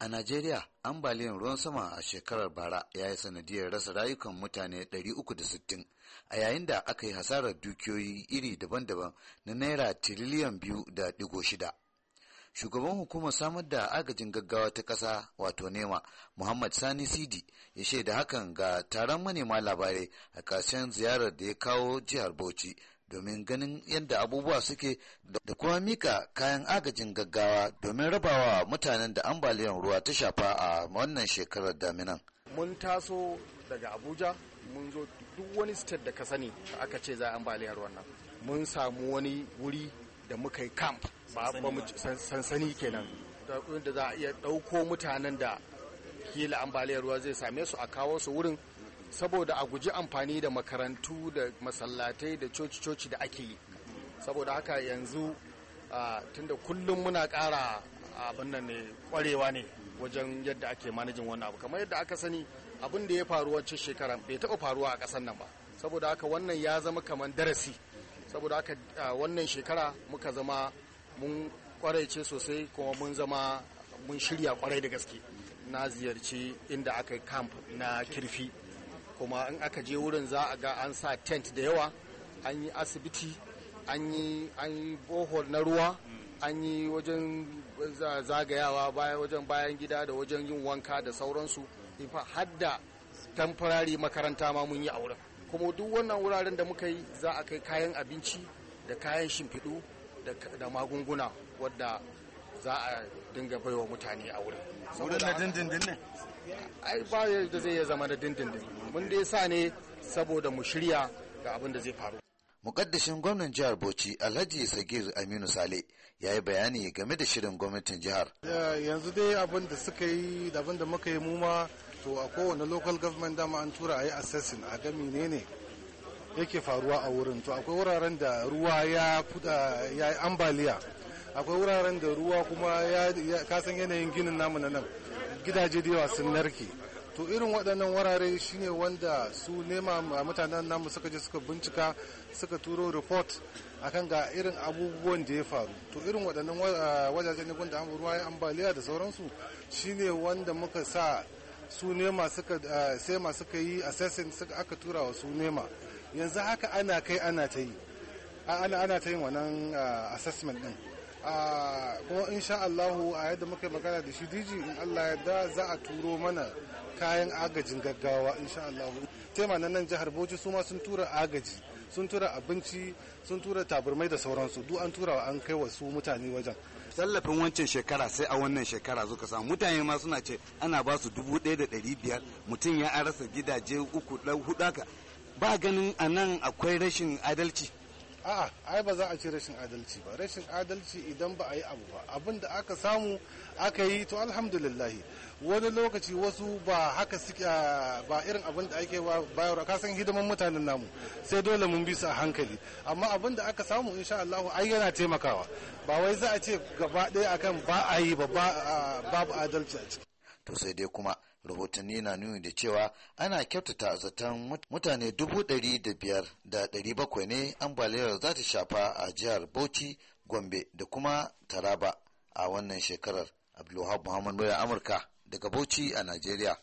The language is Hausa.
A Najeriya, ambaliyar ruwan sama a shekarar bara ya yi sanadiyar rasa rayukan mutane 360 a yayin da aka yi hasarar dukiyoyi iri daban-daban na naira tiriliyan biyu da digo shida. Shugaban hukumar samar da agajin gaggawa ta ƙasa wato nema Muhammad Sani Sidi ya shaida hakan ga taron manema labarai a ƙarshen ziyarar da ya kawo jihar Bauchi domin ganin yadda abubuwa suke da kuma mika kayan agajin gaggawa domin rabawa mutanen da ambaliyar ruwa ta shafa a wannan shekarar daminan. Mun taso daga Abuja mun zo duk wani state da ka sani aka ce za ambaliyar ruwan nan. Mun samu wani wuri da muka yi camp ba sansani kenan da za a iya ɗauko mutanen da kila ambaliyar ruwa zai same su a kawo su wurin saboda a guji amfani da makarantu da masallatai da coci-coci da ake yi saboda haka yanzu tunda kullum muna kara abin nan ne kwarewa ne wajen yadda ake manajin wannan abu kamar yadda aka sani abin da ya faru wancan shekara bai taɓa faruwa a ƙasar nan ba saboda haka wannan ya zama kamar darasi saboda haka wannan shekara muka zama mun kwaraice sosai kuma mun zama mun shirya kwarai da gaske na ziyarci inda aka camp na kirfi kuma in aka je wurin za a ga an sa tent da yawa an yi asibiti an yi bohol na ruwa an yi wajen zagayawa wajen bayan gida da wajen yin wanka da sauransu ifa hadda tamfarari makaranta ma mun yi a wurin kuma duk wannan wuraren da muka yi za a kai kayan abinci da kayan shimfiɗu da magunguna wadda za a dinga baiwa mutane a wurin wurin na dindindin ne ai ba da zai zama da dindindin mun dai sa ne saboda mu shirya ga abin da zai faru mukaddashin gwamnan jihar bauchi alhaji sagir aminu sale ya yi bayani game da shirin gwamnatin jihar yanzu dai abin da suka yi da abin da muka yi muma to a kowane local government dama an tura a yi assessing a ga menene yake faruwa a wurin to akwai wuraren da ruwa ya ya yi ambaliya akwai wuraren da ruwa kuma ka san yanayin ginin namu na nan gidaje da yawa sun narke to irin waɗannan wurare shine wanda su nema mutanen namu suka je suka bincika suka turo report akan ga irin abubuwan da ya faru to irin waɗannan wajajen ne ruwa ya ambaliya da sauransu shine wanda muka sa su nema suka sai ma suka yi assessing suka aka tura wa su nema yanzu haka ana kai ana ta yi ana ta yin wannan assessment din kuma insha Allahu a yadda muka magana da shi diji in Allah ya da za a turo mana kayan agajin gaggawa insha Allahu tema nan nan jihar Bauchi su ma sun tura agaji sun tura abinci sun tura taburmai da sauransu duk an tura an kai wasu mutane wajen tallafin wancan shekara sai a wannan shekara zuka samu mutane ma suna ce ana ba su dubu ɗaya da ɗari biyar mutum ya arasa gidaje uku ɗan hudu ba ganin a nan akwai rashin adalci a'a ai ba za a ce rashin adalci ba rashin adalci idan ba a yi abu ba abin da aka samu aka yi to alhamdulillah wani lokaci wasu ba haka suke ba irin abin da ake ba bayarwa ka san hidiman mutanen namu sai dole mun bi su a hankali amma abin da aka samu insha Allah ai yana taimakawa ba wai za a ce gaba ɗaya akan ba a yi ba babu adalci a ciki to sai dai kuma rahotanni na nuni da cewa ana kyautata zaton mutane dubu ɗari da biyar da ɗari bakwai ne ambaliyar za ta shafa a jihar bauchi gombe da kuma taraba a wannan shekarar abdulwahab muhammad murya amurka daga bauchi a najeriya